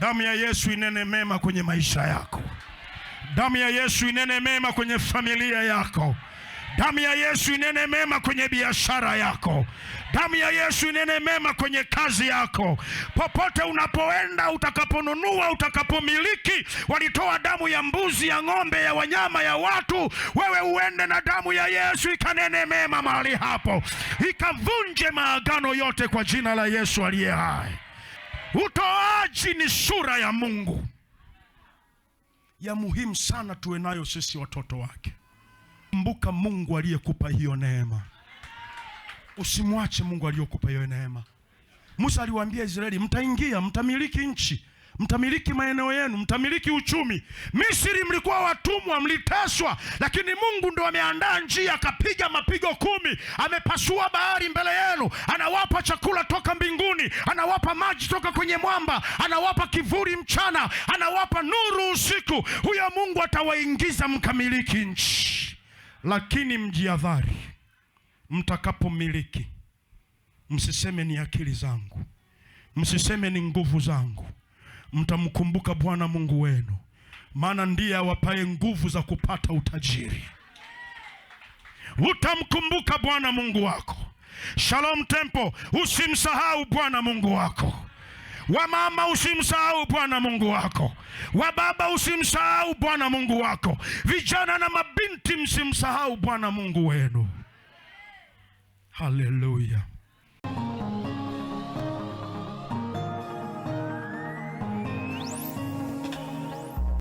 Damu ya Yesu inene mema kwenye maisha yako. Damu ya Yesu inene mema kwenye familia yako. Damu ya Yesu inene mema kwenye biashara yako. Damu ya Yesu inene mema kwenye kazi yako. Popote unapoenda, utakaponunua, utakapomiliki, walitoa damu ya mbuzi, ya ng'ombe, ya wanyama, ya watu. Wewe uende na damu ya Yesu ikanene mema mahali hapo, ikavunje maagano yote kwa jina la Yesu aliye hai. Utoaji ni sura ya Mungu ya muhimu sana tuwe nayo sisi watoto wake. Kumbuka Mungu aliyekupa hiyo neema, usimwache Mungu aliyokupa hiyo neema. Musa aliwaambia Israeli, mtaingia, mtamiliki nchi, mtamiliki maeneo yenu, mtamiliki uchumi. Misri mlikuwa watumwa, mliteswa, lakini Mungu ndo ameandaa njia, akapiga mapigo kumi, amepasua bahari mbele yenu, anawapa chakula toka mbinguni maji toka kwenye mwamba, anawapa kivuli mchana, anawapa nuru usiku. Huyo Mungu atawaingiza mkamiliki nchi, lakini mjiadhari mtakapomiliki, msiseme ni akili zangu, msiseme ni nguvu zangu. Mtamkumbuka Bwana Mungu wenu, maana ndiye awapaye nguvu za kupata utajiri. Utamkumbuka Bwana Mungu wako Shalom Temple, usimsahau Bwana Mungu wako. Wamama, usimsahau Bwana Mungu wako. Wababa, usimsahau Bwana Mungu wako. Vijana na mabinti, msimsahau Bwana Mungu wenu. Haleluya.